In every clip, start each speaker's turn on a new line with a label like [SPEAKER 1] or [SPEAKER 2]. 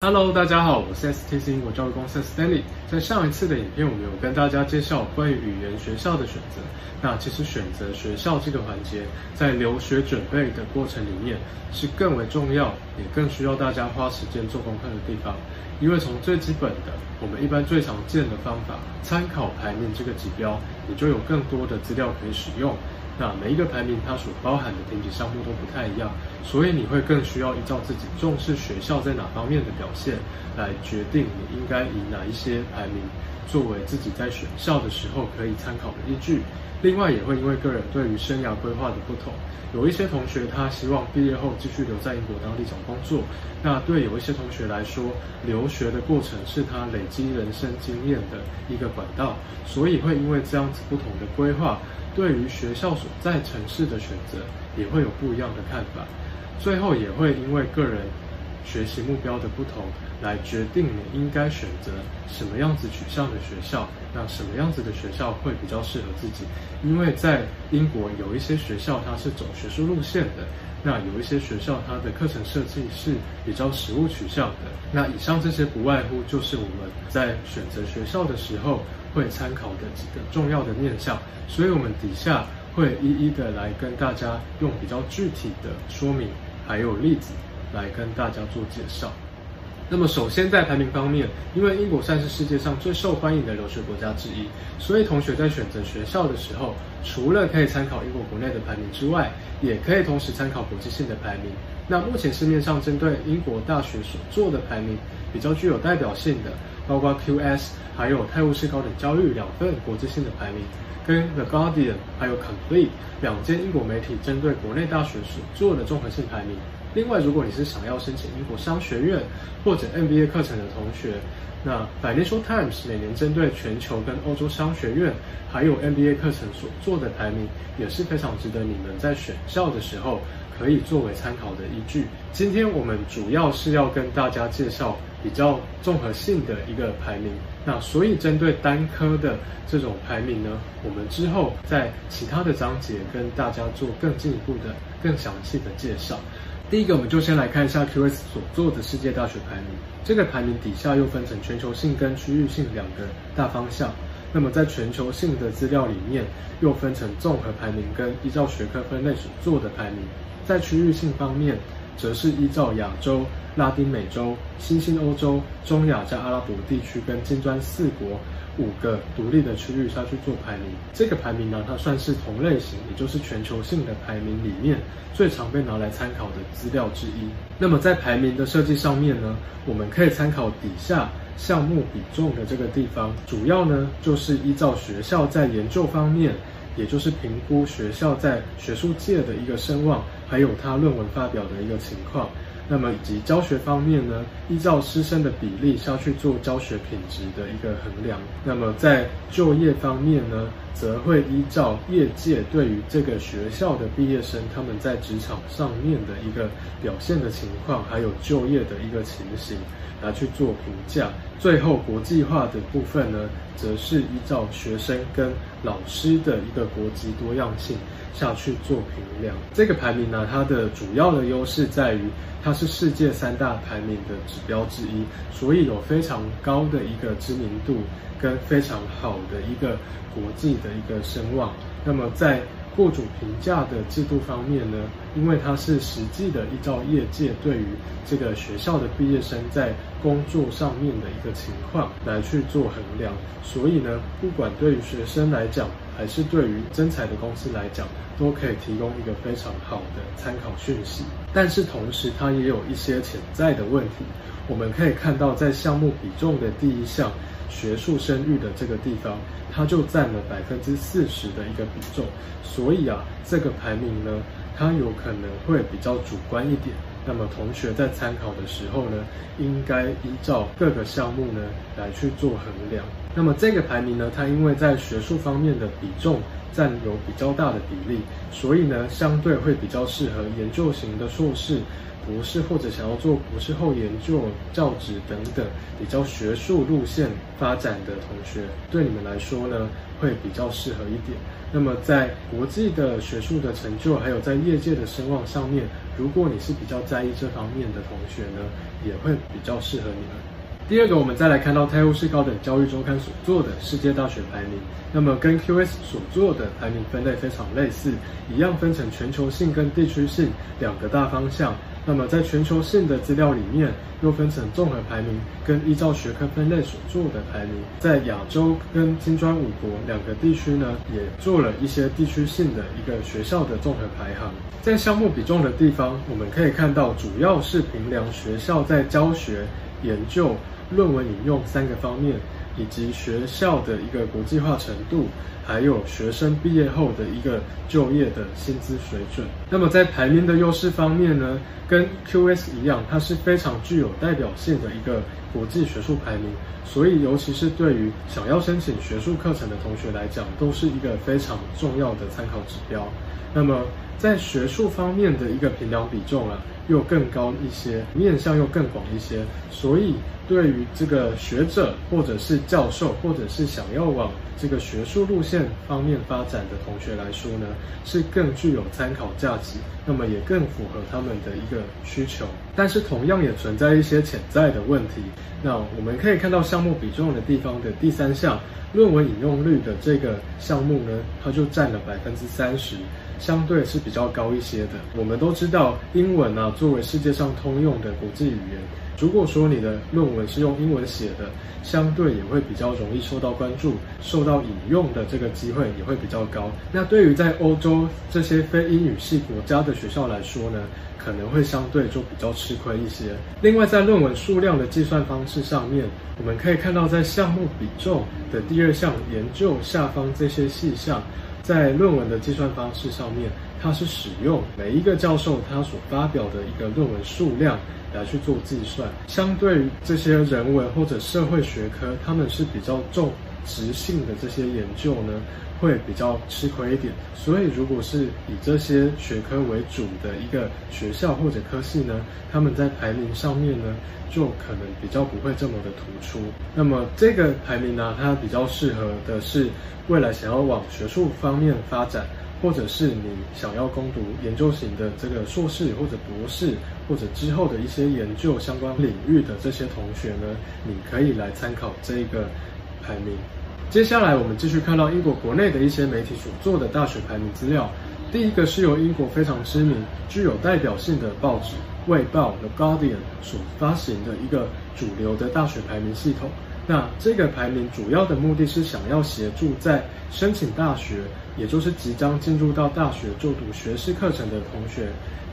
[SPEAKER 1] 哈嘍，大家好，我是 STC 英國教育公司 Stanley。在上一次的影片，我們有跟大家介紹關於語言學校的選擇。那其實選擇學校這個環節，在留學準備的過程裡面是更為重要，也更需要大家花時間做功課的地方。因為從最基本的，我們一般最常見的方法，參考排名這個指標，也就有更多的資料可以使用。那每一個排名它所包含的評級項目都不太一樣，所以你會更需要依照自己重視學校在哪方面的表現來決定你應該以哪一些排名作為自己在選校的時候可以參考的依據。另外也會因為個人對於生涯規劃的不同，有一些同學他希望畢業後繼續留在英國當地找工作，那對有一些同學來說，留學的過程是他累積人生經驗的一個管道，所以會因為這樣子不同的規劃。對於學校所在城市的選擇也會有不一樣的看法，最後也會因為個人學習目標的不同，來決定你應該選擇什麼樣子取向的學校，那什麼樣子的學校會比較適合自己？因為在英國有一些學校，它是走學術路線的。那有一些學校，它的課程設計是比較實務取向的。那以上這些不外乎就是我們在選擇學校的時候會參考的幾個重要的面向，所以我們底下會一一的來跟大家用比較具體的說明，還有例子來跟大家做介紹。那麼，首先在排名方面，因為英國算是世界上最受歡迎的留學國家之一，所以同學在選擇學校的時候，除了可以參考英國國內的排名之外，也可以同時參考國際性的排名。那目前市面上針對英國大學所做的排名，比較具有代表性的。包括 QS 還有泰晤士高等教育兩份國際性的排名，跟 The Guardian 還有 Complete 兩間英國媒體針對國內大學所做的綜合性排名。另外，如果你是想要申請英國商學院或者 MBA 課程的同學，那 Financial Times 每年針對全球跟歐洲商學院還有 MBA 課程所做的排名也是非常值得你們在選校的時候可以作為參考的依據。今天我們主要是要跟大家介紹。比較綜合性的一個排名，那所以針對單科的這種排名呢，我們之後在其他的章節跟大家做更進一步的、更詳細的介紹。第一個，我們就先來看一下 QS 所做的世界大學排名。這個排名底下又分成全球性跟區域性兩個大方向。那麼在全球性的資料裡面，又分成綜合排名跟依照學科分類所做的排名。在區域性方面。則是依照亞洲、拉丁美洲、新興歐洲、中亞加阿拉伯地區跟金磚四國五個獨立的區域下去做排名。這個排名呢，它算是同類型，也就是全球性的排名裡面最常被拿來參考的資料之一。那麼在排名的設計上面呢，我們可以參考底下項目比重的這個地方，主要呢就是依照學校在研究方面。也就是評估學校在學術界的一個聲望，還有他論文發表的一個情況。那麼以及教學方面呢，依照師生的比例下去做教學品質的一個衡量。那麼在就業方面呢，則會依照業界對於這個學校的畢業生他們在職場上面的一個表現的情況，還有就業的一個情形來去做評價。最後國際化的部分呢，則是依照學生跟老師的一個國籍多樣性下去做評量。這個排名呢、啊，它的主要的優勢在於它是世界三大排名的指標之一，所以有非常高的一個知名度跟非常好的一個國際的一個聲望。那麼在僱主評價的制度方面呢，因為它是實際的依照業界對於這個學校的畢業生在工作上面的一個情況來去做衡量，所以呢，不管對於學生來講，還是對於徵才的公司來講，都可以提供一個非常好的參考訊息。但是同時它也有一些潛在的問題，我們可以看到在項目比重的第一項。學術聲譽的這個地方，它就占了百分之四十的一個比重，所以啊，這個排名呢，它有可能會比較主觀一點。那麼同學在參考的時候呢，應該依照各個項目呢來去做衡量。那麼這個排名呢，它因為在學術方面的比重占有比較大的比例，所以呢，相對會比較適合研究型的碩士。博士或者想要做博士後研究、教職等等比較學術路線發展的同學，對你們來說呢，會比較適合一點。那麼在國際的學術的成就，還有在業界的聲望上面，如果你是比較在意這方面的同學呢，也會比較適合你們。第二個，我們再來看到泰晤士高等教育周刊所做的世界大學排名，那麼跟 QS 所做的排名分類非常類似，一樣分成全球性跟地區性兩個大方向。那麼，在全球性的資料裡面，又分成綜合排名跟依照學科分類所做的排名。在亞洲跟金磚五國兩個地區呢，也做了一些地區性的一個學校的綜合排行。在項目比重的地方，我們可以看到，主要是評量學校在教學、研究、論文引用三個方面。以及學校的一個國際化程度，還有學生畢業後的一個就業的薪資水準。那麼在排名的優勢方面呢，跟 QS 一樣，它是非常具有代表性的一個國際學術排名。所以尤其是對於想要申請學術課程的同學來講，都是一個非常重要的參考指標。那麼在學術方面的一個評量比重啊，又更高一些，面向又更廣一些，所以對於這個學者或者是教授，或者是想要往這個學術路線方面發展的同學來說呢，是更具有參考價值，那麼也更符合他們的一個需求。但是同樣也存在一些潛在的問題。那我們可以看到項目比重的地方的第三項，論文引用率的這個項目呢，它就占了百分之三十。相對是比較高一些的。我們都知道，英文啊作為世界上通用的國際語言，如果說你的論文是用英文寫的，相對也會比較容易受到關注，受到引用的這個機會也會比較高。那對於在歐洲這些非英語系國家的學校來說呢，可能會相對就比較吃虧一些。另外，在論文數量的計算方式上面，我們可以看到在項目比重的第二項研究下方這些細項。在論文的計算方式上面，它是使用每一個教授，他所發表的一個論文數量來去做計算。相對於這些人文或者社會學科，他們是比較重。質性的這些研究呢，會比較吃虧一點。所以，如果是以這些學科為主的一個學校或者科系呢，他們在排名上面呢，就可能比較不會這麼的突出。那麼，這個排名呢、啊，它比較適合的是未來想要往學術方面發展，或者是你想要攻讀研究型的這個碩士或者博士，或者之後的一些研究相關領域的這些同學呢，你可以來參考這一個排名。接下來，我們繼續看到英國國內的一些媒體所做的大學排名資料。第一個是由英國非常知名、具有代表性的報紙《衛報》The Guardian 所發行的一個主流的大學排名系統。那這個排名主要的目的是想要協助在申請大學，也就是即將進入到大學就讀學士課程的同學。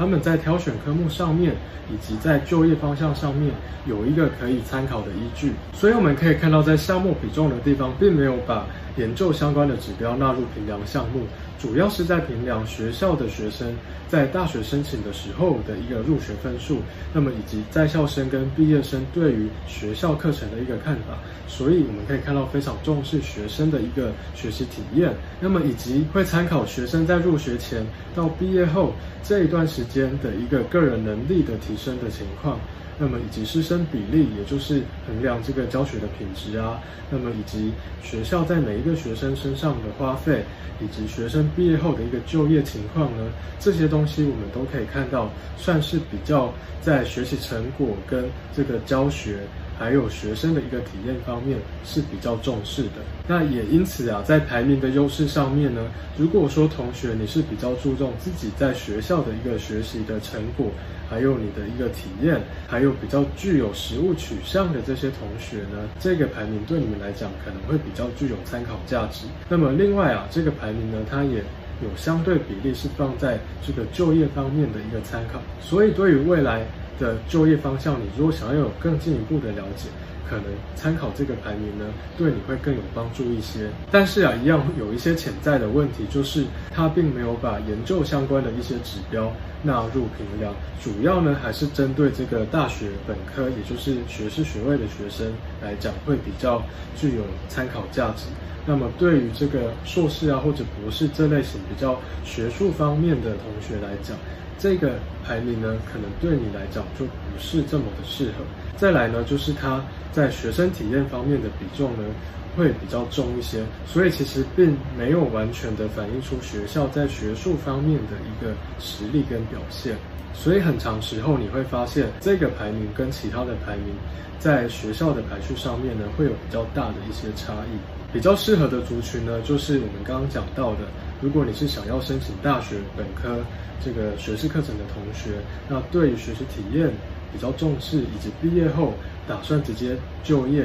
[SPEAKER 1] 他們在挑選科目上面，以及在就業方向上面有一個可以參考的依據，所以我們可以看到，在項目比重的地方並沒有把研究相關的指標納入評量項目，主要是在評量學校的學生在大學申請的時候的一個入學分數，那麼以及在校生跟畢業生對於學校課程的一個看法，所以我們可以看到非常重視學生的一個學習體驗，那麼以及會參考學生在入學前到畢業後這一段時間的一個個人能力的提升的情況。那麼以及師生比例，也就是衡量這個教學的品質啊。那麼以及學校在每一個學生身上的花費，以及學生畢業後的一個就業情況呢，這些東西我們都可以看到，算是比較在學習成果跟這個教學還有學生的一個體驗方面是比較重視的。那也因此啊，在排名的優勢上面呢，如果說同學你是比較注重自己在學校的一個學習的成果，還有你的一個體驗，還有比較具有實務取向的這些同學呢，這個排名對你們來講可能會比較具有參考價值。那麼另外啊，這個排名呢，它也有相對比例是放在這個就業方面的一個參考，所以對於未來的就業方向，你如果想要有更進一步的了解，可能參考這個排名呢，對你會更有幫助一些。但是啊，一樣有一些潛在的問題，就是它並沒有把研究相關的一些指標納入評量。主要呢還是針對這個大學本科，也就是學士學位的學生來講會比較具有參考價值。那麼對於這個碩士啊或者博士這類型比較學術方面的同學來講。這個排名呢，可能對你來講就不是這麼的適合。再來呢，就是它在學生體驗方面的比重呢，會比較重一些，所以其實並沒有完全的反映出學校在學術方面的一個實力跟表現。所以很長時候你會發現，這個排名跟其他的排名在學校的排序上面呢，會有比較大的一些差異。比較適合的族群呢，就是我們剛剛講到的，如果你是想要申請大學本科這個學士課程的同學，那對於學習體驗比較重視，以及畢業後打算直接就業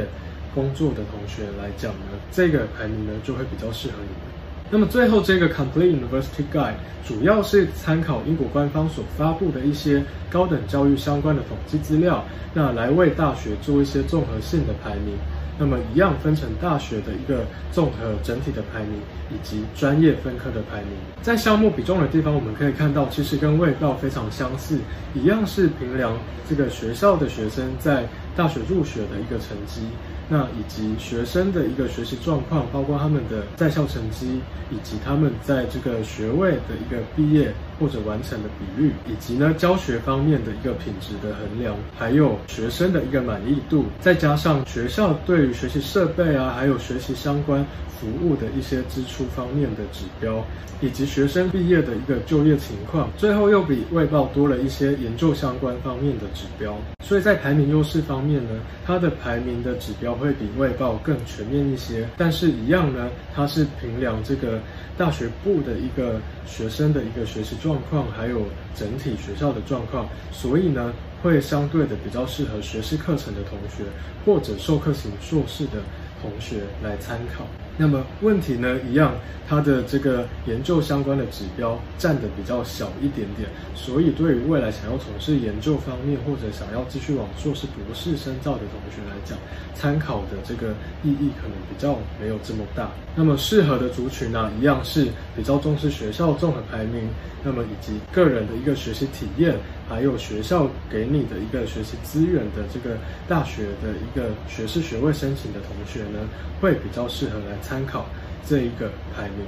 [SPEAKER 1] 工作的同學來講呢，這個排名呢就會比較適合你們。那麼最後這個 Complete University Guide 主要是參考英國官方所發布的一些高等教育相關的統計資料，那來為大學做一些綜合性的排名。那麼一樣分成大學的一個綜合整體的排名，以及專業分科的排名。在項目比重的地方，我們可以看到，其實跟衛報非常相似，一樣是評量這個學校的學生在大學入學的一個成績，那以及學生的一個學習狀況，包括他們的在校成績，以及他們在這個學位的一個畢業。或者完成的比率，以及呢教學方面的一個品質的衡量，還有學生的一個滿意度，再加上學校對於學習設備啊，還有學習相關服務的一些支出方面的指標，以及學生畢業的一個就業情況，最後又比衛報多了一些研究相關方面的指標。所以在排名優勢方面呢，它的排名的指標會比衛報更全面一些。但是，一樣呢，它是評量這個大學部的一個學生的一個學習。狀況，還有整體學校的狀況，所以呢，會相對的比較適合學士課程的同學，或者授課型碩士的同學來參考。那麼問題呢，一樣，它的這個研究相關的指標占的比較小一點點，所以對於未來想要從事研究方面或者想要繼續往碩士、博士深造的同學來講，參考的這個意義可能比較沒有這麼大。那麼適合的族群呢，啊，一樣是比較重視學校綜合排名，那麼以及個人的一個學習體驗。還有學校給你的一個學習資源的這個大學的一個學士學位申請的同學呢，會比較適合來參考這一個排名。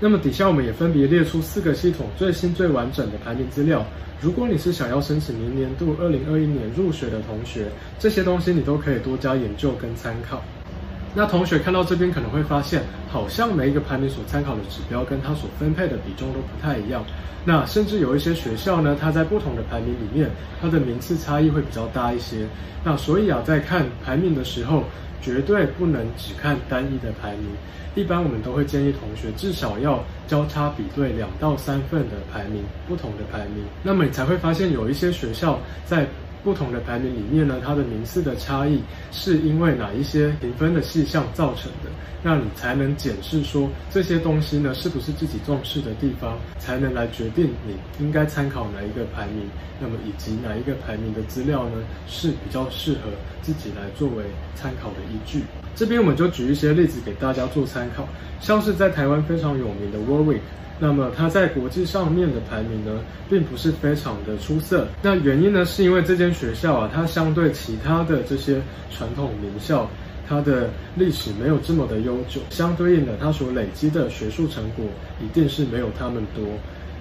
[SPEAKER 1] 那麼底下我們也分別列出四個系統最新最完整的排名資料。如果你是想要申請明年度二零二一年入學的同學，這些東西你都可以多加研究跟參考。那同學看到這邊可能會發現，好像每一個排名所參考的指標跟它所分配的比重都不太一樣。那甚至有一些學校呢，它在不同的排名裡面，它的名次差異會比較大一些。那所以啊，在看排名的時候，絕對不能只看單一的排名。一般我們都會建議同學至少要交叉比對兩到三份的排名，不同的排名，那麼你才會發現有一些學校在。不同的排名裡面呢，它的名次的差異是因為哪一些評分的細項造成的？那你才能檢視說，這些東西呢是不是自己重視的地方，才能來決定你應該參考哪一個排名，那麼以及哪一個排名的資料呢是比較適合自己來作為參考的依據。這邊我們就舉一些例子給大家做參考，像是在台灣非常有名的 Warwick。那麼它在國際上面的排名呢，並不是非常的出色。那原因呢，是因為這間學校啊，它相對其他的這些傳統名校，它的歷史沒有這麼的悠久。相對應的，它所累積的學術成果一定是沒有他們多。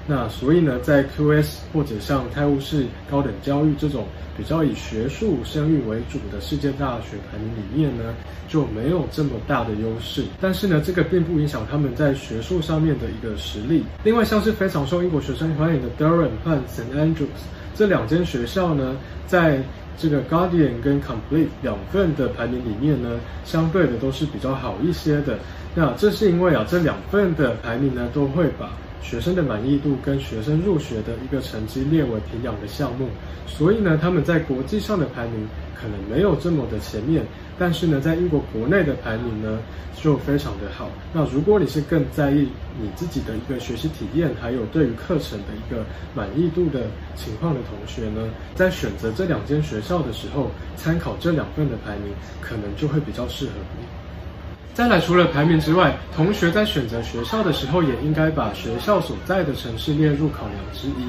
[SPEAKER 1] 那所以呢，在 QS 或者像泰晤士高等教育這種比較以學術聲譽為主的世界大學排名裡面呢，就沒有這麼大的優勢。但是呢，這個並不影響他們在學術上面的一個實力。另外，像是非常受英國學生歡迎的 Durham 和 St. Andrews 這兩間學校呢，在這個 Guardian 跟 Complete 兩份的排名裡面呢，相對的都是比較好一些的。那這是因為啊，這兩份的排名呢，都會把學生的滿意度跟學生入學的一個成績列為評獎的項目，所以呢，他們在國際上的排名可能沒有這麼的前面，但是呢，在英國國內的排名呢就非常的好。那如果你是更在意你自己的一個學習體驗，還有對於課程的一個滿意度的情況的同學呢，在選擇這兩間學校的時候，參考這兩份的排名，可能就會比較適合你。再來，除了排名之外，同學在選擇學校的時候，也應該把學校所在的城市列入考量之一。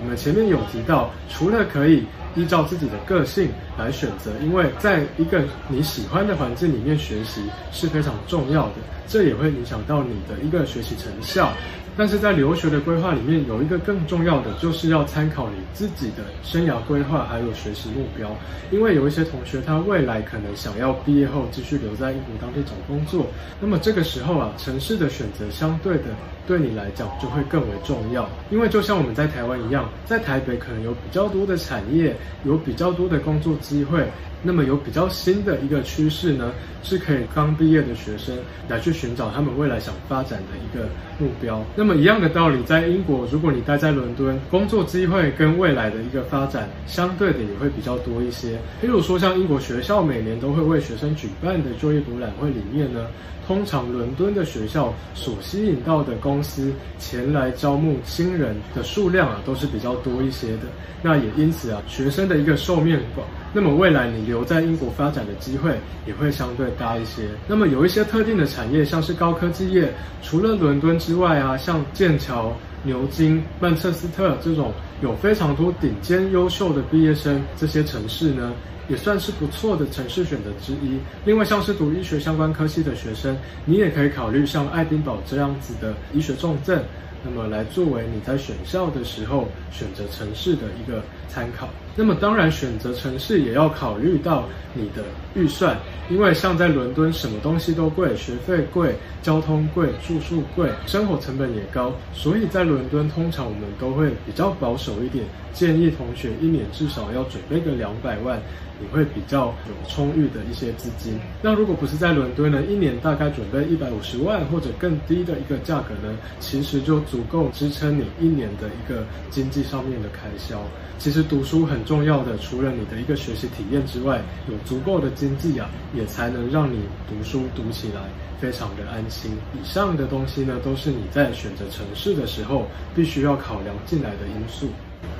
[SPEAKER 1] 我們前面有提到，除了可以依照自己的個性來選擇，因為在一個你喜歡的環境裡面學習是非常重要的，這也會影響到你的一個學習成效。但是在留學的規劃裡面，有一個更重要的，就是要參考你自己的生涯規劃還有學習目標。因為有一些同學他未來可能想要畢業後繼續留在英國當地找工作，那麼這個時候啊，城市的選擇相對的對你來講就會更為重要。因為就像我們在台灣一樣，在台北可能有比較多的產業，有比較多的工作機會。那麼有比較新的一個趨勢呢，是可以剛畢業的學生來去尋找他們未來想發展的一個目標。那麼一樣的道理，在英國，如果你待在倫敦，工作機會跟未來的一個發展相對的也會比較多一些。例如說，像英國學校每年都會為學生舉辦的就業博覽會裡面呢。通常倫敦的學校所吸引到的公司前來招募新人的數量啊，都是比較多一些的。那也因此啊，學生的一個受面廣，那麼未來你留在英國發展的機會也會相對大一些。那麼有一些特定的產業，像是高科技業，除了倫敦之外啊，像劍橋、牛津、曼徹斯特這種有非常多頂尖優秀的畢業生，這些城市呢。也算是不錯的城市選擇之一。另外，像是讀醫學相關科系的學生，你也可以考慮像愛丁堡這樣子的醫學重鎮，那麼來作為你在選校的時候選擇城市的一個參考。那麼當然，選擇城市也要考慮到你的預算，因為像在倫敦，什麼東西都貴，學費貴、交通貴、住宿貴，生活成本也高。所以在倫敦，通常我們都會比較保守一點，建議同學一年至少要準備個兩百萬，你會比較有充裕的一些資金。那如果不是在倫敦呢，一年大概準備一百五十萬或者更低的一個價格呢，其實就足夠支撐你一年的一個經濟上面的開銷。其實讀書很。重要的，除了你的一個學習體驗之外，有足夠的經濟啊，也才能讓你讀書讀起來非常的安心。以上的東西呢，都是你在選擇城市的時候必須要考量進來的因素。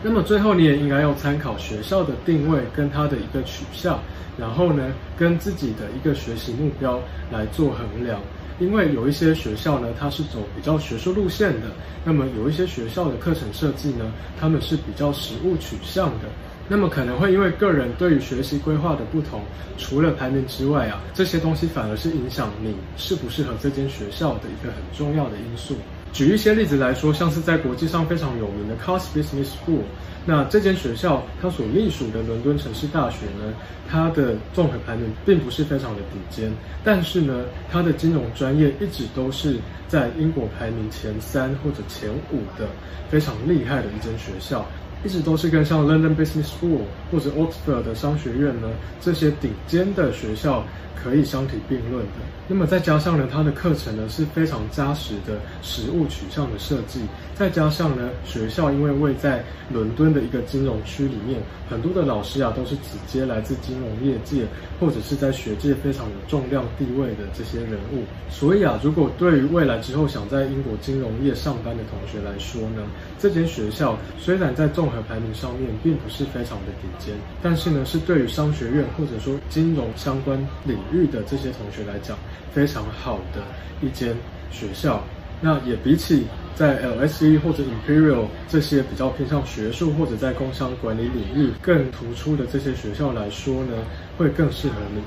[SPEAKER 1] 那麼最後，你也應該要參考學校的定位跟它的一個取向，然後呢，跟自己的一個學習目標來做衡量。因為有一些學校呢，它是走比較學術路線的，那麼有一些學校的課程設計呢，他們是比較實務取向的。那麼可能會因為個人對於學習規劃的不同，除了排名之外啊，這些東西反而是影響你適不適合這間學校的一個很重要的因素。舉一些例子來說，像是在國際上非常有名的 Cass Business School，那這間學校它所隸屬的倫敦城市大學呢，它的綜合排名並不是非常的頂尖，但是呢，它的金融專業一直都是在英國排名前三或者前五的非常厲害的一間學校。一直都是跟像 London Business School 或者 Oxford 的商學院呢，這些頂尖的學校可以相提並論的。那麼再加上呢，它的課程呢是非常扎實的實務取向的設計，再加上呢，學校因為位在倫敦的一個金融區裡面，很多的老師啊都是直接來自金融業界。或者是在學界非常有重量地位的這些人物，所以啊，如果對於未來之後想在英國金融業上班的同學來說呢，這間學校雖然在綜合排名上面並不是非常的頂尖，但是呢，是對於商學院或者說金融相關領域的這些同學來講非常好的一間學校。那也比起在 LSE 或者 Imperial 這些比較偏向學術或者在工商管理領域更突出的這些學校來說呢，會更適合你。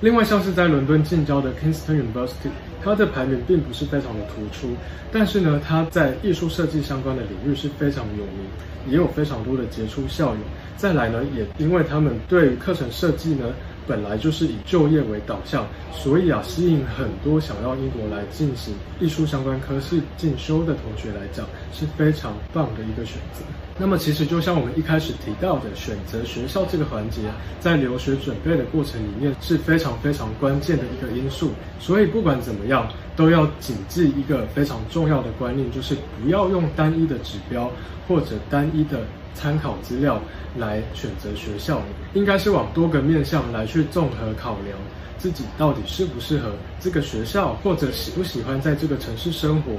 [SPEAKER 1] 另外像是在倫敦近郊的 Kingston University，它的排名並不是非常的突出，但是呢，它在藝術設計相關的領域是非常有名，也有非常多的傑出校友。再來呢，也因為他們對課程設計呢。本來就是以就業為導向，所以啊，吸引很多想要英國來進行藝術相關科系進修的同學來講是非常棒的一個選擇。那麼，其實就像我們一開始提到的，選擇學校這個環節，在留學準備的過程裡面是非常非常關鍵的一個因素。所以，不管怎麼樣，都要謹記一個非常重要的觀念，就是不要用單一的指標或者單一的。參考資料來選擇學校，應該是往多個面向來去綜合考量。自己到底適不適合這個學校，或者喜不喜歡在這個城市生活，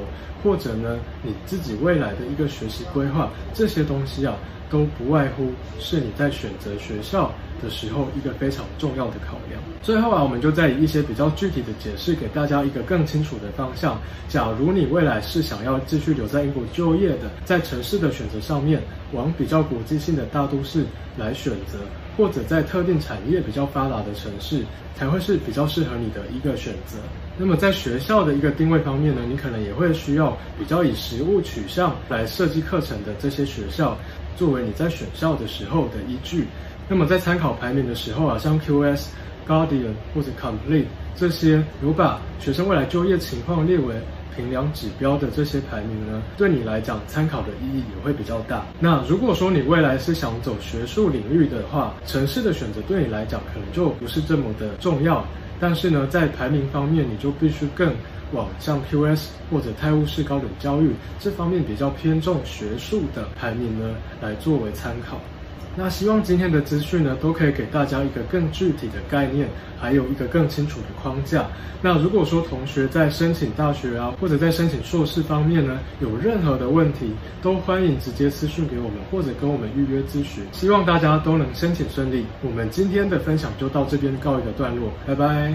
[SPEAKER 1] 或者呢你自己未來的一個學習規劃，這些東西啊都不外乎是你在選擇學校的時候一個非常重要的考量。最後啊，我們就再以一些比較具體的解釋給大家一個更清楚的方向。假如你未來是想要繼續留在英國就業的，在城市的選擇上面，往比較國際性的大都市來選擇。或者在特定產業比較發達的城市才會是比較適合你的一個選擇。那麼在學校的一個定位方面呢，你可能也會需要比較以實務取向來設計課程的這些學校，作為你在選校的時候的依據。那麼在參考排名的時候啊，像 QS、Guardian 或者 Complete 這些，如把學生未來就業情況列為衡量指標的這些排名呢，對你來講參考的意義也會比較大。那如果說你未來是想走學術領域的話，城市的選擇對你來講可能就不是這麼的重要。但是呢，在排名方面，你就必須更往像 QS 或者泰晤士高等教育這方面比較偏重學術的排名呢，來作為參考。那希望今天的資訊呢，都可以給大家一個更具體的概念，還有一個更清楚的框架。那如果說同學在申請大學啊，或者在申請碩士方面呢，有任何的問題，都歡迎直接私訊給我們，或者跟我們預約諮詢。希望大家都能申請順利。我們今天的分享就到這邊告一個段落，拜拜。